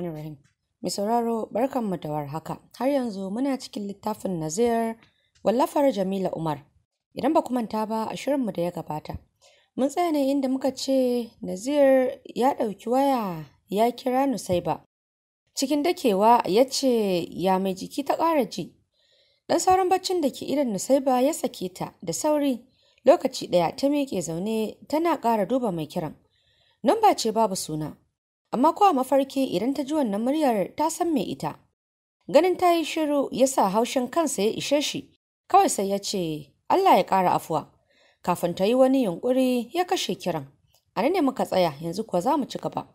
Rahim. Mai sauraro barkanmu da warhaka. Har yanzu muna cikin littafin Nazir wallafar Jamila Umar. Idan ba ku manta ba a shirinmu da ya gabata. Mun tsaya ne inda muka ce Nazir ya ɗauki waya ya kira Nusaiba. Cikin dakewa ya ce ya mai jiki ta ƙara ji. Ɗan sauran baccin da ke idan Nusaiba ya sake ta da sauri lokaci ɗaya ta miƙe zaune tana ƙara duba mai kiran. Nan ba ce babu suna. amma ko mafarki idan ta ji wannan muryar ta san me ita. Ganin ta yi shiru ya sa haushin kansa ya ishe shi, kawai sai ya ce, Allah ya ƙara afuwa, kafin ta yi wani yunƙuri ya kashe kiran. A ne muka tsaya yanzu kuwa za mu ci gaba.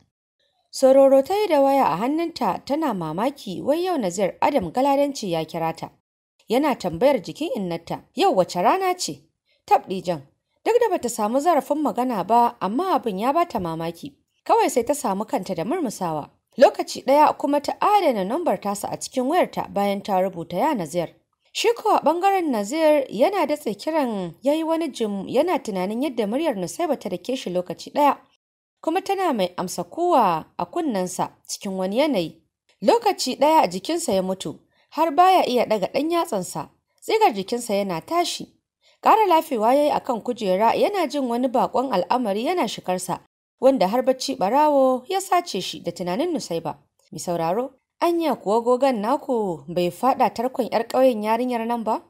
Sororo ta yi da waya a hannunta tana mamaki wai yau Nazir Adam Galadanci ya kira ta. Yana tambayar jikin innata. yau wace rana ce? jan, duk da bata samu zarafin magana ba amma abin ya bata mamaki. kawai sai ta samu kanta da murmusawa. Lokaci ɗaya kuma ta adana nambar tasa a cikin wayarta bayan ta rubuta ya Nazir. Shi a ɓangaren Nazir yana da kiran ya yi wani jim yana tunanin yadda muryar Nusaiba ta dake shi lokaci ɗaya. Kuma tana mai amsa kuwa a kunnensa cikin wani yanayi. Lokaci ɗaya jikinsa ya mutu, har baya iya ɗaga ɗan yatsansa, tsigar jikinsa yana tashi. Ƙara lafewa ya yi a kan kujera yana jin wani baƙon al'amari yana shikarsa, wanda har bacci barawo ya sace shi da tunanin Nusaiba. Mi sauraro, anya kuwa gogan naku bai fada tarkon 'yar ƙauyen yarinyar nan ba?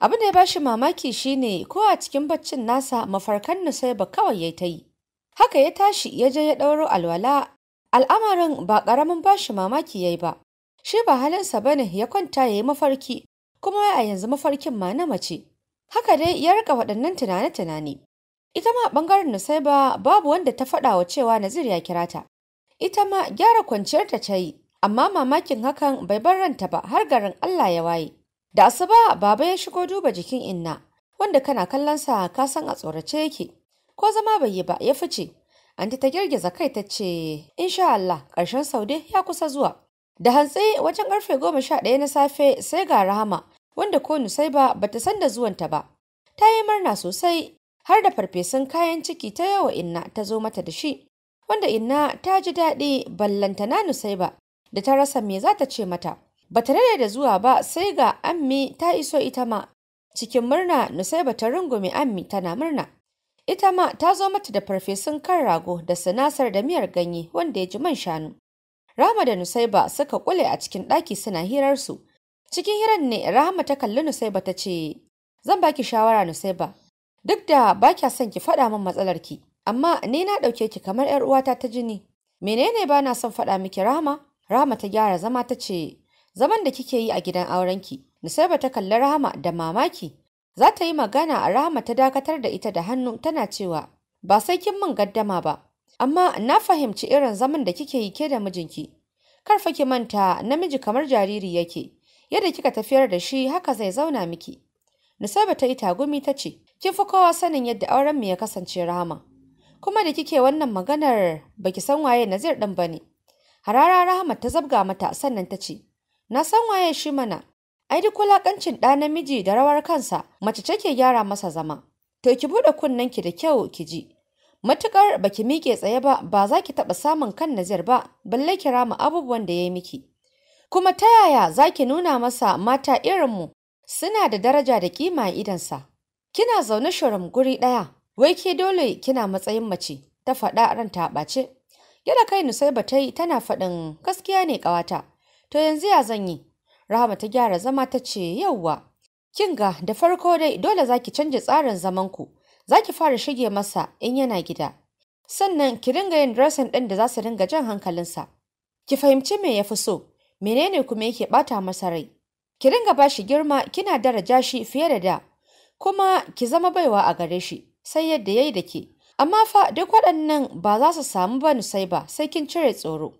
Abin da ya bashi mamaki shine ko a cikin baccin nasa mafarkan Nusaiba kawai ya ta yi. Haka ya tashi ya je ya ɗauro alwala, al'amarin ba ƙaramin bashi mamaki ya yi ba. Shi ba halinsa bane ya kwanta ya yi mafarki, kuma a yanzu mafarkin ma na mace. Haka dai ya rika waɗannan tunane-tunane. Ita ma ɓangaren Nusaiba babu wanda ta faɗa wa cewa Nazir ya kira ta. Ita ma gyara kwanciyar ta yi, amma mamakin hakan bai bar ranta ba har garin Allah ya waye. Da asuba baba ya shigo duba jikin inna, wanda kana kallonsa ka san a tsorace yake. Ko zama bai yi ba ya fice. Anti ta girgiza kai ta ce, Insha Allah, ƙarshen saude ya kusa zuwa. Da hantsi wajen karfe goma sha ɗaya na safe sai ga Rahama, wanda ko Nusaiba ta san da zuwanta ba. Ta yi murna sosai har da farfesun kayan ciki ta yawa inna ta zo mata da shi wanda inna ta ji daɗi "Ballanta na nusaiba da ta rasa me za ta ce mata ba ta da zuwa ba sai ga ammi ta iso ita ma cikin murna nusaiba ta rungume ammi tana murna ita ma ta zo mata da farfesun kan rago da sinasar da miyar ganye wanda ya ji man shanu Rama da Nusaiba suka kule a cikin ɗaki suna hirarsu. Cikin hirar ne Rahama ta kalli Nusaiba ta ce, Zan baki shawara Nusaiba, Duk da ba kya son ki faɗa min matsalar ki, amma ni na ɗauke ki kamar ‘yar uwata ta jini. Menene ba na son faɗa miki rama? Rama ta gyara zama ta ce, zaman da kike yi a gidan aurenki. ba ta kalli Rama, da mamaki. Za ta yi magana a Rahama ta dakatar da ita da hannu tana cewa, ba sai kin min gaddama ba, amma na fahimci irin zaman da kike yi ke da mijinki. Kar fa ki manta namiji kamar jariri yake, yadda kika tafiyar da shi haka zai zauna miki. Nusaiba ta yi tagumi ta ce, kin fi kowa sanin yadda auren mu ya kasance rama. Kuma da kike wannan maganar baki san waye Nazir din bane. Harara Rahama ta zabga mata sannan ta ce, "Na san waye shi mana. Ai duk kulakancin da namiji da rawar kansa mace take gyara masa zama. To ki bude ki da kyau ki ji. Matukar baki mike tsaye ba ba za ki taɓa samun kan Nazir ba, balle ki rama abubuwan da ya yi miki. Kuma ta yaya za ki nuna masa mata irinmu suna da daraja da kima a idansa?" Kina zaune shirin guri ɗaya, wai ke dole kina matsayin mace, ta faɗa ran ta ɓace. Yadda kai Nusaiba ta yi tana faɗin gaskiya ne ƙawata. To yanzu ya zan yi? Rahama ta gyara zama ta ce yauwa. Kin ga da farko dai dole za ki canja tsarin zamanku. Za ki fara shige masa in yana gida. Sannan ki dinga yin dressing ɗin da za su dinga jan hankalinsa. Ki fahimci me ya fi so, menene kuma yake ɓata masa rai. Ki dinga ba shi girma kina daraja shi fiye da da. kuma ki zama baiwa a gare shi sai yadda ya yi da ke amma fa duk waɗannan ba za su samu ba nusai ba sai kin cire tsoro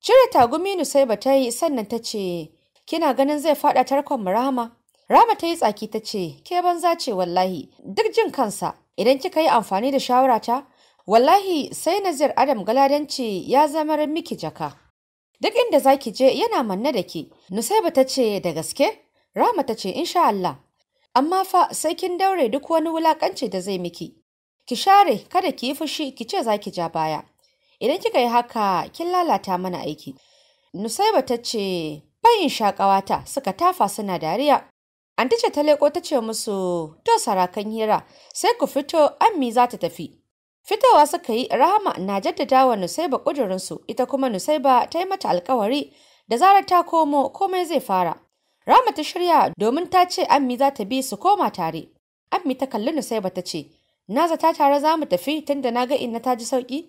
cire tagumi Nusaiba ta yi sannan ta ce kina ganin zai faɗa tarkon mu Rahama Rama ta yi tsaki ta ce ke banza ce wallahi duk jin kansa idan kika yi amfani da shawarata wallahi sai Nazir Adam Galadanci ya zama miki jaka duk inda zaki je yana manne da ke Nusaiba ta ce da gaske Rama ta ce insha Allah amma fa sai kin daure duk wani wulakanci da zai miki ki share kada ki yi fushi ki ce za ki ja baya idan kika yi haka kin lalata mana aiki nusaiba ta ce bayin shakawata suka tafa suna dariya Anti ce ta leko ta ce musu, "To sarakan hira, sai ku fito ammi za ta tafi." Fitowa suka yi Rahama na jaddada wa Nusaiba kudurinsu, ita kuma Nusaiba ta yi mata alkawari da zarar ta komo komai zai fara. Rama ta shirya domin ta ce Ammi za ta bi su koma tare. Ammi ta kalli Nusaiba ta ce, Na zata tare za mu tafi tunda na ga inna ta ji sauƙi.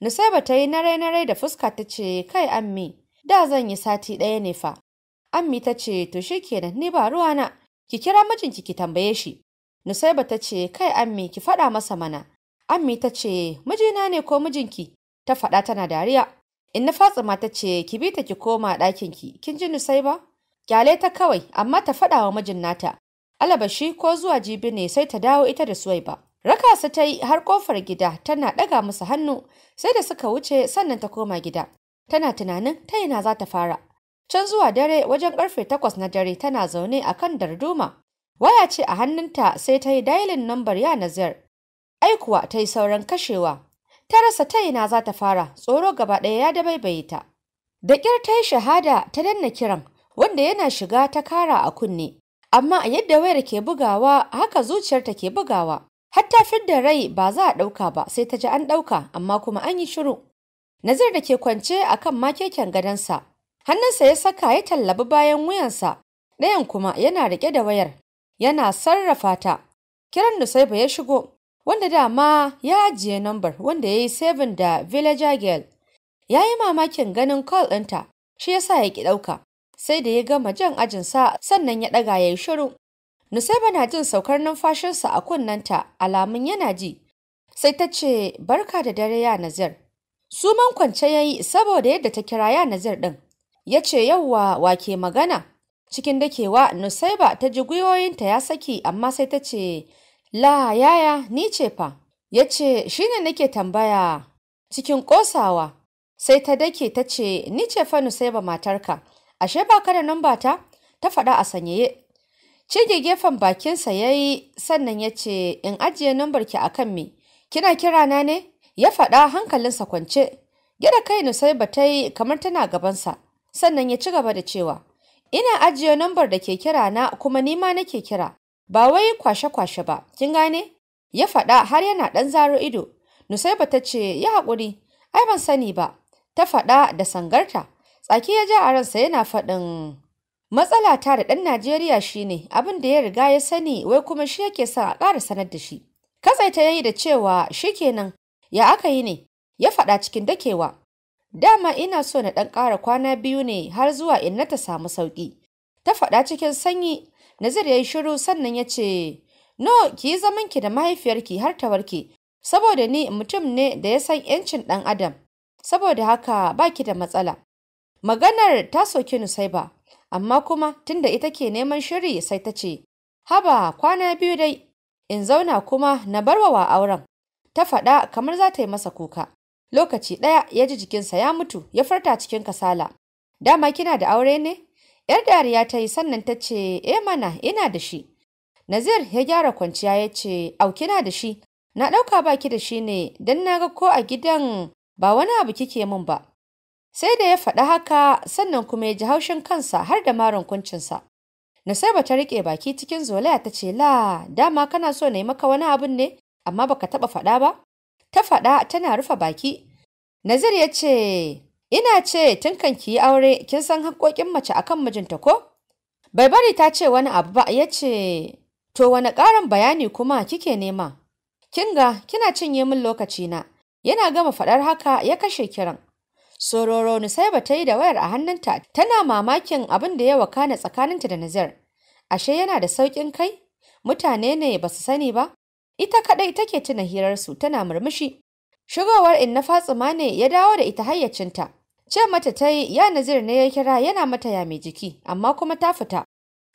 Nusaiba ta yi narai-narai da fuska ta ce, Kai Ammi, da zan yi sati ɗaya ne fa. Ammi ta ce, To shi kenan ni ba ruwa na? ki kira mijinki ki tambaye shi. Nusaiba ta ce, Kai Ammi, ki faɗa masa mana. Ammi ta ce, Mijina ne ko mijinki? Ta faɗa tana dariya. Inna Fatsima ta ce, Ki bi ta ki koma ɗakinki, kin ji Nusaiba? Gyale ta kawai, amma ta faɗa wa mijin nata. Alabashi ko zuwa jibi ne sai ta dawo ita da Suwaiba. Raka su ta yi har kofar gida tana ɗaga musu hannu sai da suka wuce sannan ta koma gida. Tana tunanin ta ina za ta fara. Can zuwa dare wajen ƙarfe takwas na dare tana zaune a kan darduma. Waya ce a hannunta sai ta yi dailin nambar ya nazar. Ai kuwa ta yi sauran kashewa. Ta rasa ta ina za ta fara tsoro gaba ɗaya ya dabaibaye ta. Da ƙyar ta yi shahada ta danna kiran wanda yana shiga ta kara a kunne amma a yadda wayar ke bugawa haka zuciyar ta ke bugawa hatta fidda rai ba za a ɗauka ba sai ta ji an ɗauka amma kuma an yi shiru nazir da ke kwance a kan makeken gadonsa hannunsa ya saka ya tallabi bayan wuyansa ɗayan kuma yana riƙe da wayar yana sarrafa ta kiran nusaiba ya shigo wanda dama ya ajiye nambar wanda ya yi seven da villager girl ya yi mamakin ganin call ɗinta shi yasa ya ki ɗauka sai da ya gama jan ajinsa sannan ya ɗaga ya yi shiru. Nusaiba na jin saukar numfashinsa a kunnanta alamun yana ji. Sai ta ce, Barka da dare ya Nazir. Suman kwance ya yi saboda yadda ta kira ya Nazir ɗin. Ya ce yauwa wake magana. Cikin dakewa Nusaiba ta ji gwiwoyinta ya saki amma sai ta ce, La yaya ni ce fa. Ya ce shi ne nake tambaya cikin ƙosawa. Sai ta dake ta ce, Ni ce fa Nusaiba matarka. ashe ba ka da namba ta ta faɗa a sanyaye cige gefen bakinsa ya yi sannan ya ce in ajiye nambar ki akan me kina kira na ne ya faɗa hankalinsa kwance Gida kai na sai ta yi kamar tana gabansa sannan ya ci gaba da cewa ina ajiye nambar da ke kira na kuma nima nake kira ba wai kwashe-kwashe ba kin gane ya faɗa har yana ɗan zaro ido nusaiba ta ce ya haƙuri ai ban sani ba ta faɗa da sangarta Tsaki ya ja a ransa yana faɗin matsala ta da ɗan Najeriya shine abin da ya riga ya sani wai kuma shi yake son a ƙara sanar da shi. Katsaita ya yi da cewa shi kenan ya aka yi ne ya faɗa cikin dakewa. Dama ina so na ɗan ƙara kwana biyu ne har zuwa in na ta samu sauƙi. Ta faɗa cikin sanyi Nazir ya yi shiru sannan ya ce no ki yi ki da mahaifiyarki har ta warke saboda ni mutum ne da ya san 'yancin ɗan adam saboda haka baki da matsala. Maganar ta soki Nusaiba, amma kuma tunda ita ke neman shiri sai ta ce, Haba kwana biyu dai, in zauna kuma na barwa wa auren. Ta faɗa kamar za ta yi masa kuka. Lokaci ɗaya ya ji jikinsa ya mutu ya farta cikin kasala. Dama kina da aure ne? ‘Yar dariya ta yi sannan ta ce, E mana ina da shi. Nazir ya gyara kwanciya ya ce, Au kina da shi, na ɗauka baki da shi ne don na ga ko a gidan ba wani abu kike min ba. sai da ya faɗi haka sannan kuma ya ji haushin kansa har da marin kuncinsa ba ta riƙe baki cikin zolaya ta ce la dama kana so na yi maka wani abun ne amma baka taɓa faɗa ba ta faɗa tana rufe baki Nazir ya ce ina ce tun kan ki aure kin san haƙƙoƙin mace akan mijinta ko bai bari ta ce wani abu ba ya ce to wani ƙarin bayani kuma kike nema kinga kina cinye min lokaci na yana gama faɗar haka ya kashe kiran Sororo Nusaiba ta yi da wayar a hannunta tana mamakin abin da ya wakana tsakaninta da Nazir. Ashe yana da sauƙin kai? Mutane ne ba su sani ba? Ita kaɗai take tuna hirarsu tana murmushi. Shigowar na Fatsima ne ya dawo da ita hayyacinta. Ce mata ta yi ya Nazir ne ya kira yana mata ya mai jiki amma kuma ta fita.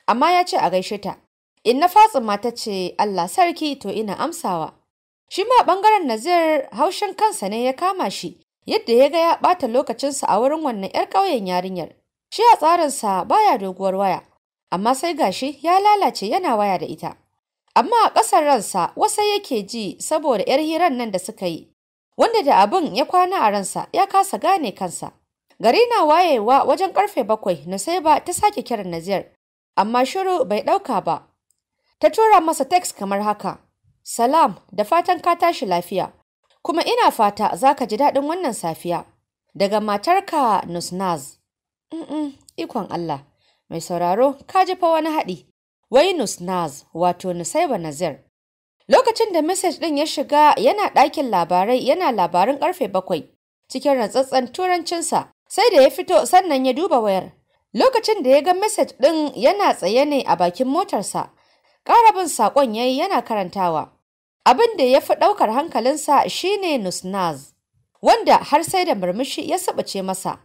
Amma ya ce a gaishe ta. In na Fatsima ta ce Allah sarki to ina amsawa. Shi ma ɓangaren Nazir haushin kansa ne ya kama shi yadda ya ga ya ɓata lokacinsa a wurin wannan 'yar ƙauyen yarinyar. Shi a tsarinsa baya doguwar waya, amma sai gashi ya lalace yana waya da ita. Amma a ƙasar ransa wasa yake ji saboda 'yar hiran nan da suka yi, wanda da abin ya kwana a ransa ya kasa gane kansa. Gari na wayewa wajen karfe bakwai na sai ba ta sake kiran naziyar amma shiru bai ɗauka ba. Ta tura masa teks kamar haka, Salam da fatan ka tashi lafiya. kuma ina fata za ka ji daɗin wannan safiya. Daga matarka Nusnaz. Mm ikon Allah, mai sauraro ka ji fa wani haɗi. Wai Nusnaz wato Nusaiba Nazir. Lokacin da message ɗin ya shiga yana ɗakin labarai yana labarin ƙarfe bakwai cikin rantsatsen turancinsa sai da ya fito sannan ya duba wayar. Lokacin da ya ga message ɗin yana tsaye ne a bakin motarsa, ƙarabin saƙon ya yi yana karantawa. abin da ya fi ɗaukar hankalinsa shine Nusnaz, wanda har sai da murmushi ya sabace masa.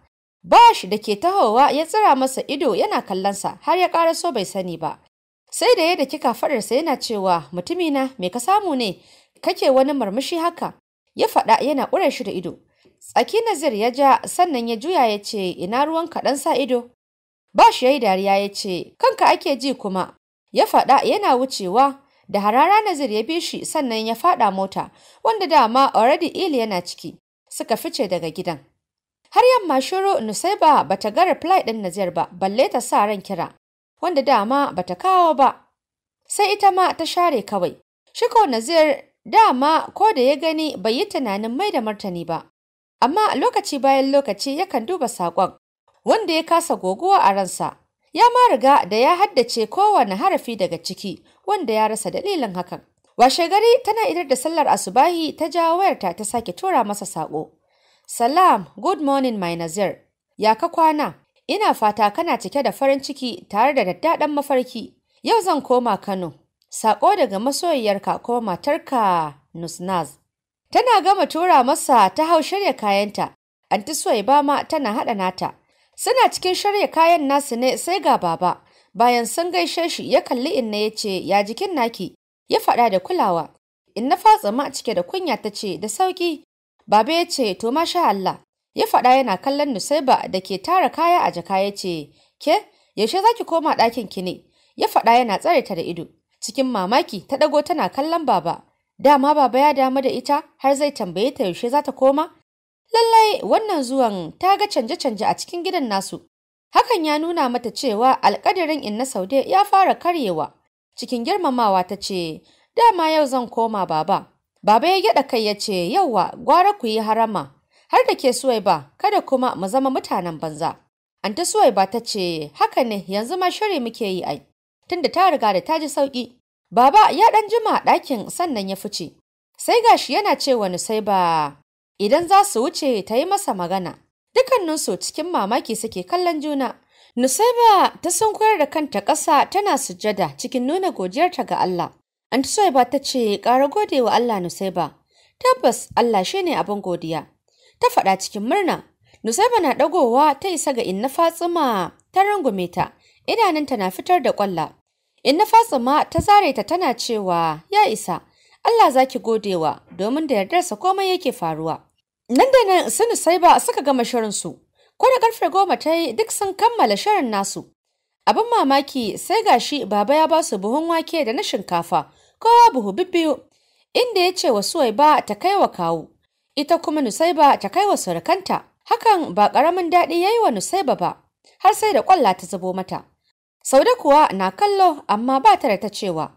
Bash da ke tahowa ya tsira masa ido yana kallonsa har ya ƙara so bai sani ba. Sai da ya da kika faɗarsa yana cewa mutumina me ka samu ne kake wani murmushi haka ya faɗa yana ƙure shi da ido. Tsaki Nazir ya ja sannan ya juya ya ce ina ruwan kaɗan sa ido. Bash ya yi dariya ya ce kanka ake ji kuma ya faɗa yana wucewa da harara Nazir ya bi shi sannan ya faɗa mota wanda dama already ili yana ciki suka fice daga gidan. Har yamma shiru Nusaiba bata ga reply ɗin Nazir ba balle ta sa ran kira wanda dama bata kawo ba. Sai ita ma ta share kawai. Shiko Nazir dama ko da ya gani bai yi tunanin mai da martani ba. Amma lokaci bayan lokaci yakan duba saƙon wanda ya kasa goguwa a ransa ya ma riga da ya haddace kowane harafi daga ciki wanda ya rasa dalilin hakan washe gari tana idar da sallar asubahi ta jawo wayarta ta sake tura masa sako salam good morning my nazir ya ka kwana ina fata kana cike da farin ciki tare da daddaɗan mafarki yau zan koma kano sako daga masoyiyarka ko matarka nusnaz tana gama tura masa ta hau shirya kayanta anti suwaiba ma tana haɗa nata Suna cikin shirya kayan nasu ne sai ga baba. Bayan sun gaishe shi ya kalli inna ya ce ya jikin naki ya faɗa da kulawa. Inna Fatsima cike da kunya ta ce da sauƙi. Baba ya ce to masha Allah ya faɗa yana kallon Nusaiba da ke tara kaya a jaka ya ce ke yaushe za ki koma ɗakin ki ne ya faɗa yana tsare ta da ido. Cikin mamaki ta ɗago tana kallon baba. Dama baba ya damu da ita har zai tambaye ta yaushe za ta koma Lallai wannan zuwan ta ga canje-canje a cikin gidan nasu. Hakan ya nuna mata cewa alƙadarin Inna Saude ya fara karyewa. Cikin girmamawa ta ce, dama yau zan koma baba. Baba ya gyaɗa kai ya ce, yauwa gwara ku yi harama, har da ke Suwaiba, kada kuma mu zama mutanen banza. Anta Suwaiba ta ce, haka ne yanzu ma shiri muke yi ai, tunda ta riga da ta ji sauƙi. Baba ya ɗan jima ɗakin sannan ya fice. Sai gashi yana cewa wani sai ba idan za su wuce ta yi masa magana. Dukanninsu cikin mamaki suke kallon juna. Nusaiba ta sunkuyar da kanta ƙasa tana sujada cikin nuna godiyarta ga Allah. Antisoiba ta ce ƙara gode wa Allah Nusaiba. Tabbas Allah shi ne abin godiya. Ta faɗa cikin murna. Nusaiba na ɗagowa ta isa ga Inna Fatsima ta rungume ta. Idanunta na fitar da ƙwalla. Inna Fatsima ta zare ta tana cewa ya isa. Allah zaki godewa domin da yardarsa komai yake faruwa. nan da nan sani sai ba suka gama shirinsu ko da karfe goma ta yi duk sun kammala shirin nasu abin mamaki sai gashi baba ya ba su buhun wake da na shinkafa kowa buhu bibbiyu inda ya ce wa suwai ba ta kai wa kawu ita kuma nusaiba ta kai wa surukanta hakan ba ƙaramin daɗi ya yi wa nusaiba ba har sai da ƙwalla ta zubo mata saude kuwa na kallo amma ba ta da ta cewa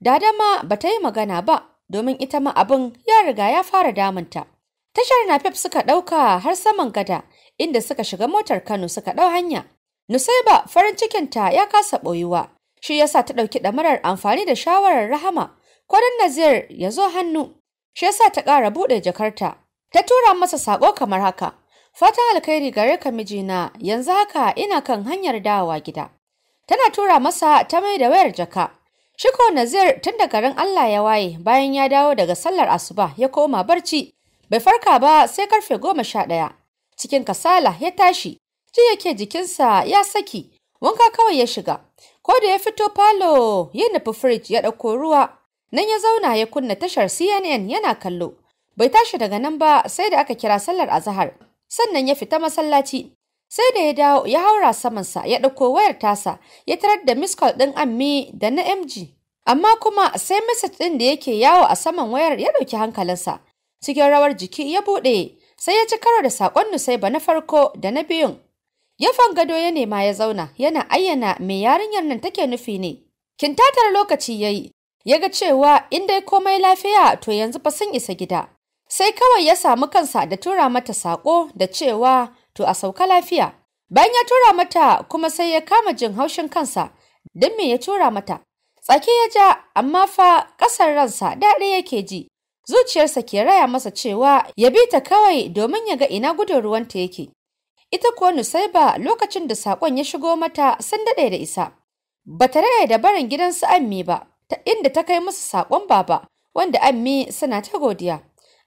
Dadama ma ba ta yi magana ba domin ita ma abin ya riga ya fara damunta Tashar Nafef suka ɗauka har saman gada inda suka shiga motar Kano suka ɗau hanya. Nusaiba farin cikinta ya kasa ɓoyuwa, shi yasa ta ɗauki ɗamarar amfani da shawarar Rahama, kwanan Nazir ya zo hannu, shi yasa ta ƙara buɗe jakarta. Ta tura masa saƙo kamar haka, fatan alkhairi gare ka mijina yanzu haka ina kan hanyar dawa gida. Tana tura masa ta mai da wayar jaka. Shiko Nazir tun da garin Allah ya waye bayan ya dawo daga sallar asuba ya koma barci bai farka ba sai karfe goma sha ɗaya cikin kasala ya tashi ji yake jikinsa ya saki wanka kawai ya shiga ko da ya fito falo ya nufi firij ya ɗauko ruwa nan ya zauna ya kunna tashar cnn yana kallo bai tashi daga nan ba sai da aka kira sallar azahar sannan ya fita masallaci sai da ya dawo ya haura samansa ya ɗauko wayar tasa ya tarar da miskol ɗin ammi da na mg amma kuma sai message ɗin da yake yawo a saman wayar ya ɗauki hankalinsa cikin rawar jiki ya buɗe sai ya ci karo da saƙon Nusaiba na farko da na biyun. Yafan gado ya nema ya zauna yana ayyana mai yarinyar nan take nufi ne. Kintatar lokaci ya yi, ya ga cewa in dai komai lafiya to yanzu fa sun isa gida. Sai kawai ya samu kansa da tura mata saƙo da cewa to a sauka lafiya. Bayan ya tura mata kuma sai ya kama jin haushin kansa don me ya tura mata. Tsaki ya ja amma fa ƙasar ransa daɗi yake ji zuciyarsa ke raya masa cewa ya bi ta kawai domin ya ga ina gudun ruwan ta yake ita kuwa nusaiba lokacin da saƙon ya shigo mata sun daɗe da isa ba ta raya da barin gidan su ammi ba inda ta kai musu saƙon baba wanda ammi suna ta godiya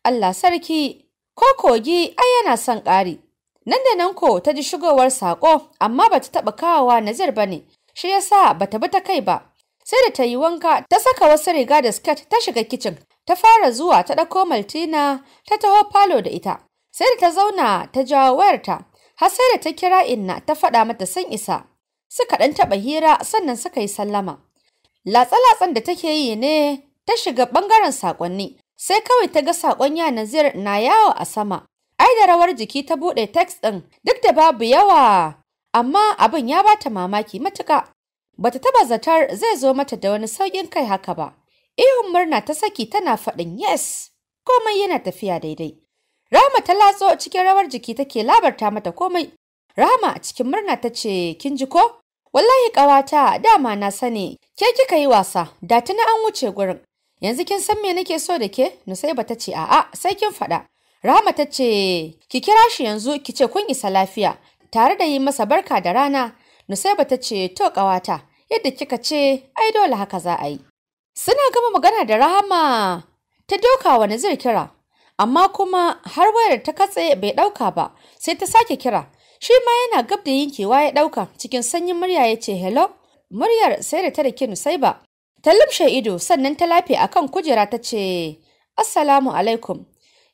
allah sarki ko kogi ai yana son ƙari nan da nan ko ta ji shigowar saƙo amma ba ta taɓa kawowa nazir ba ne shi ya sa ba ta bi ta kai ba sai da ta yi wanka ta saka wasu riga da skirt ta shiga kicin ta fara zuwa ta ɗauko Maltina ta taho falo da ita. Sai da ta zauna ta jawo wayarta, har sai da ta kira Inna ta faɗa mata san isa. Suka ɗan taɓa hira sannan suka yi sallama. Latsa-latsan da take yi ne ta shiga ɓangaren saƙonni, sai kawai ta ga saƙon ya Nazir na yawo a sama. Ai da rawar jiki ta buɗe text ɗin duk da babu yawa, amma abin ya bata mamaki matuƙa. Bata taɓa zatar zai zo mata da wani sauƙin kai haka ba. Ihun murna ta saki tana faɗin yes, komai yana tafiya daidai. Rama ta latso cikin rawar jiki take labarta mata komai. Rama a cikin murna ta ce, Kin ji ko? Wallahi ƙawata dama na sani, ke kika yi wasa, da tuni an wuce gurin. Yanzu kin san me nake so da ke? Nusaiba ta ce, A'a, sai kin faɗa. Rama ta ce, Ki kira shi yanzu ki ce kun isa lafiya, tare da yi masa barka da rana. Nusaiba ta ce, To ƙawata, yadda kika ce, ai dole haka za a yi. Suna gama magana da Rahama ta doka wa Nazir kira, amma kuma har wayar ta katse bai ɗauka ba, sai ta sake kira. Shi ma yana gab da yinkewa ya ɗauka cikin sanyin murya ya ce hello, muryar sai da ta da kinu sai ba. Ta lumshe ido sannan ta lafe a kujera ta ce, Assalamu alaikum,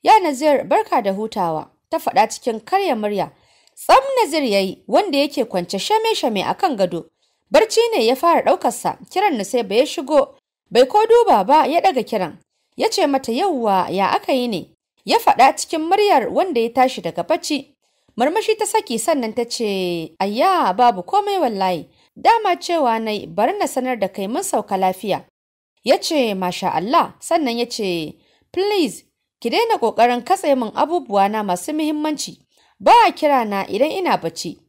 ya Nazir barka da hutawa, ta faɗa cikin karya murya. Tsam Nazir ya yi wanda yake kwance shame-shame a kan gado. Barci ne ya fara ɗaukarsa, kiran na sai bai shigo Bai ko duba ba ya daga kiran, ya ce mata yauwa ya aka yi ne, ya faɗa cikin muryar wanda ya tashi daga bacci. Marmashi ta saki sannan ta ce, Ayya babu komai wallahi, dama cewa na bari na sanar da kai mun sauka lafiya. Ya ce, Masha Allah, sannan ya ce, Please, ki daina ƙoƙarin katse min abubuwa na masu muhimmanci, ba a kira na idan ina bacci.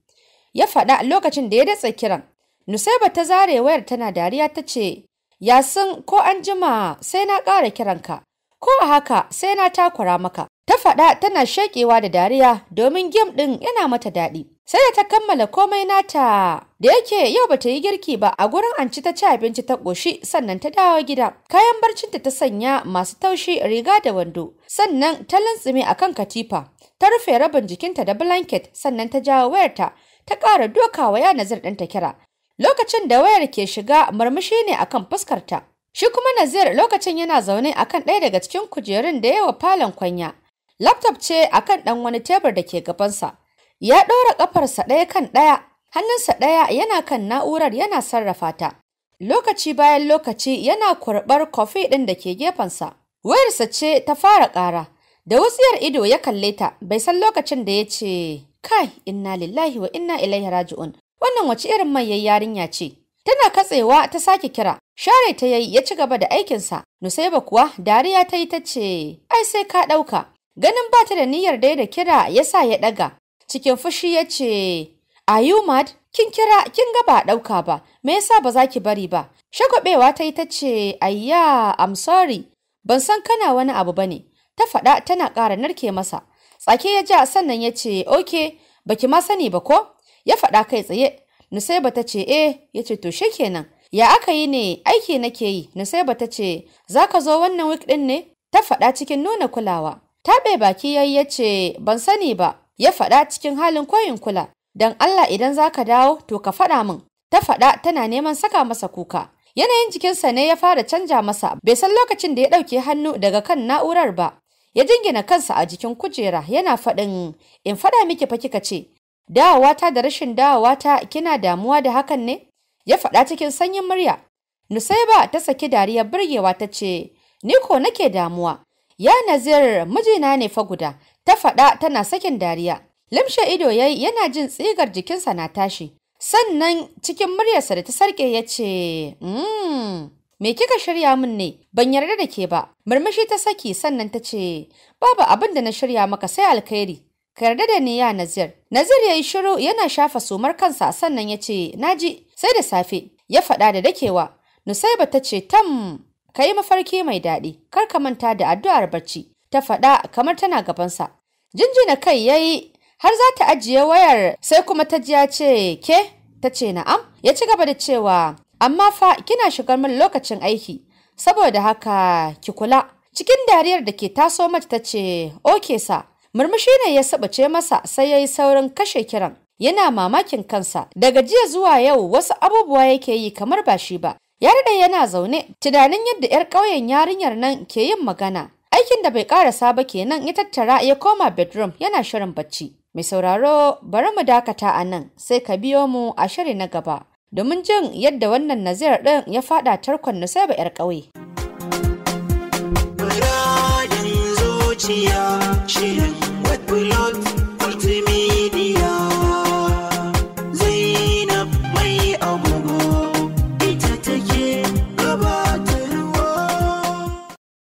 Ya faɗa lokacin da ya datse kiran, Nusaiba ta zare wayar tana dariya ta ce, yasin ko an jima sai na ƙara kiranka ko a haka sai na takura maka ta faɗa tana shaƙewa da dariya domin gem ɗin yana mata daɗi sai da ta kammala komai nata da yake yau ba ta yi girki ba a gurin anci ta ci abinci ta ƙoshi sannan ta dawo gida kayan barcinta ta sanya masu taushi riga da wando sannan ta lantsume a kan katifa ta rufe rabin jikinta da blanket sannan ta jawo wayarta ta ƙara dokawa ya nazar ɗinta kira lokacin da wayar ke shiga murmushi ne akan fuskarta shi kuma Nazir lokacin yana zaune a kan ɗaya daga cikin kujerun da yawa falon kwanya laptop ce akan ɗan wani tebur da ke gabansa ya ɗora ƙafarsa ɗaya kan ɗaya hannunsa ɗaya yana kan na'urar yana sarrafa ta lokaci bayan lokaci yana kurɓar kofi ɗin da ke gefensa wayarsa ce ta fara ƙara da wutsiyar ido ya kalle ta bai san lokacin da ya ce kai inna lillahi wa inna ilaihi raji'un wannan wace irin mai yarinya ce tana katsewa ta sake kira share ta yayi ya ci gaba da aikin sa nusaiba kuwa dariya ta yi ta ce ai sai ka ɗauka ganin ba ta da niyyar dai da kira ya sa ya ɗaga cikin fushi ya ce ayumad kin kira kin ga ba ɗauka ba me yasa ba za ki bari ba shagwabewa ta yi ta ce ayya i'm sorry ban san kana wani abu bane. ta faɗa tana ƙara narke masa tsake ya ja sannan ya ce ok baki ma sani ba ko ya faɗa kai tsaye Nusaiba ta ce eh ya ce to kenan ya aka yi ne aiki nake yi Nusaiba ta ce za ka zo wannan wik ɗin ne ta faɗa cikin nuna kulawa taɓe baki ya yi ya ce ban sani ba ya faɗa cikin halin koyin kula don Allah idan za ka dawo to ka faɗa min ta faɗa tana neman saka masa kuka yanayin jikinsa ne ya fara canja masa bai san lokacin da ya ɗauke hannu daga kan na'urar ba ya jingina kansa a jikin kujera yana faɗin in faɗa miki fa kika ce dawowata da rashin dawowata kina damuwa da hakan ne ya faɗa cikin sanyin murya nusaiba ta saki dariyar burgewa ta ce ni ko nake damuwa ya nazir mijina ne fa guda ta faɗa tana sakin dariya limshe ido yayi yana jin tsigar jikinsa na tashi sannan cikin muryarsa da ta sarƙe ya ce mm, me kika shirya min ne ban yarda da ke ba murmushi ta saki sannan ta ce babu abin da na shirya maka sai alkhairi ka yarda da ni ya Nazir. Nazir ya yi shiru yana shafa sumar kansa sannan ya ce naji sai da safe ya faɗa da dakewa. Nusaiba ta ce tam ka yi mafarki mai daɗi kar ka manta da addu'ar barci ta faɗa kamar tana gabansa. Jinjina kai ya yi har za ta ajiye wayar sai kuma ta ji ya ce ke ta ce na'am ya ci gaba da cewa amma fa kina shigar min lokacin aiki saboda haka ki kula. Cikin dariyar da ke taso mata ta ce, "Oke sa, murmushi ne ya sabace masa sai ya yi saurin kashe kiran yana mamakin kansa daga jiya zuwa yau wasu abubuwa yake yi kamar ba shi ba ya daɗe yana zaune tunanin yadda 'yar ƙauyen yarinyar nan ke yin magana aikin da bai ƙarasa ba kenan ya tattara ya koma bedroom yana shirin bacci mai sauraro bari mu dakata a nan sai ka biyo mu a shiri na gaba domin jin yadda wannan nazir ɗin ya faɗa tarkon nusaiba 'yar ƙauye. zuciya